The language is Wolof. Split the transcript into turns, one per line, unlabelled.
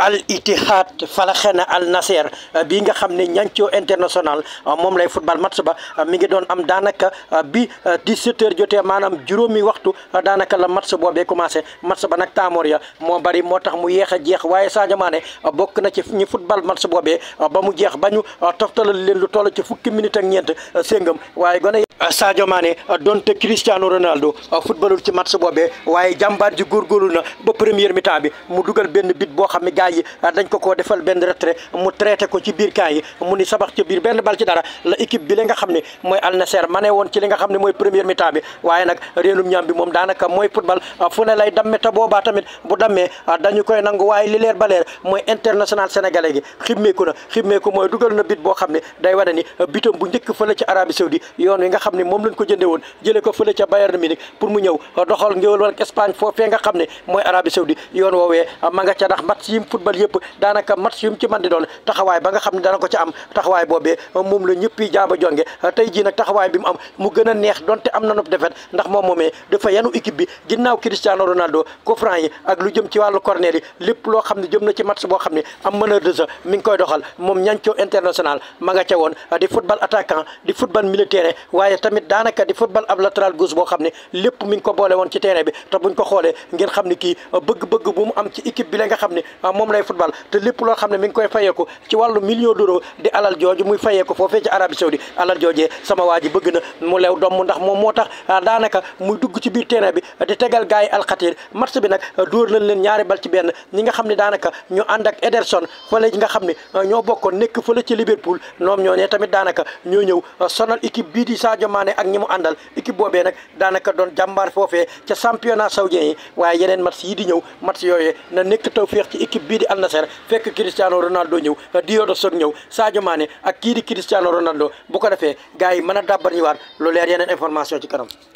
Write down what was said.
al Ittihad Falakhen al Nasser euh, bii nga xam ne ñancoo international euh, moom lay football match ba euh, mi ngi doon am daanaka bi 17 heures jotee maanaam juróomi waxtu daanaka la match boobee commencé match ba nag taamoor ya moo bari moo tax mu yeex a jeex waaye Sadio Mané bokk na ci ñi football match boobee ba mu jeex ba ñu toftalal leen lu toll ci fukki minute ak ñeent séngam waaye gone Sadio Mané donte Cristiano Ronaldo footballul ci match boobe waaye jàmbaar ji góorgóorlu na mi camp yi ah, dañ ko koo defal benn retrait mu traité ko ci biir camp yi mu ni sabax ci biir benn bal ci dara la équipe bi li nga xam ne mooy Al Nassr mane woon ci li nga mooy première mi-temps bi bi boo xam ne day wane ni ah, bu njëkk fële ci Arabie Saoudi yoon wi nga xam ne moom lañ ko jënde woon jële ko fële ca Bayern Munich pour mu ñëw ah, doxal ngéwal wala Espagne foofee nga xam ne mooy Arabie Saoudi yoon woowee ma nga ca ndax match yi football yëpp daanaka match yu mu ci mën doon taxawaay ba nga xam ne dana ko am taxawaay boobee moom la ñëpp yi jonge tey jii nag taxawaay bi mu am mu gën a neex donte am na nopp defet ndax moom moomee dafa yanu équipe bi ginnaaw Cristiano Ronaldo coup franc yi ak lu jëm ci wàllu corner yi loo xam ne jëm na ci match boo xam ne am meneur de jeu mi koy doxal moom ñancoo international ma nga ca woon di football attaquant di football milieu terrain waaye tamit moom lay football te lépp loo xam ne mi ngi koy fayeeku ci wàllu million d'euros di alal jooju muy fayeeku foofee ci Arabie Saoudi alal joojee sama waa ji bëgg na mu leew domm ndax moom moo tax ah, daanaka muy dugg ci biir terrain bi di tegal gars yi alxatir match bi nag dóor nañ leen ñaari bal ci benn ñi nga xam ne daanaka ñu ànd ak Ederson fële nga xam ne ah, ñoo bokkoon nekk fële ci Liverpool ñoom ñoo ne tamit daanaka ñoo ñëw ah, sonal équipe bii di Sadio maane ak ñi mu àndal équipe boobee nag daanaka doon jàmbaar foofee ca championnat saoudien yi waaye yeneen match yi di ñëw match yooyee bii di Al Nassr fekk Cristiano Ronaldo ñëw Diodo Sok ñëw Sadio Mané ak kii di Cristiano Ronaldo bu ko defee gars yi mën a dàbbar ñëwaat lu leer yeneen information ci kanam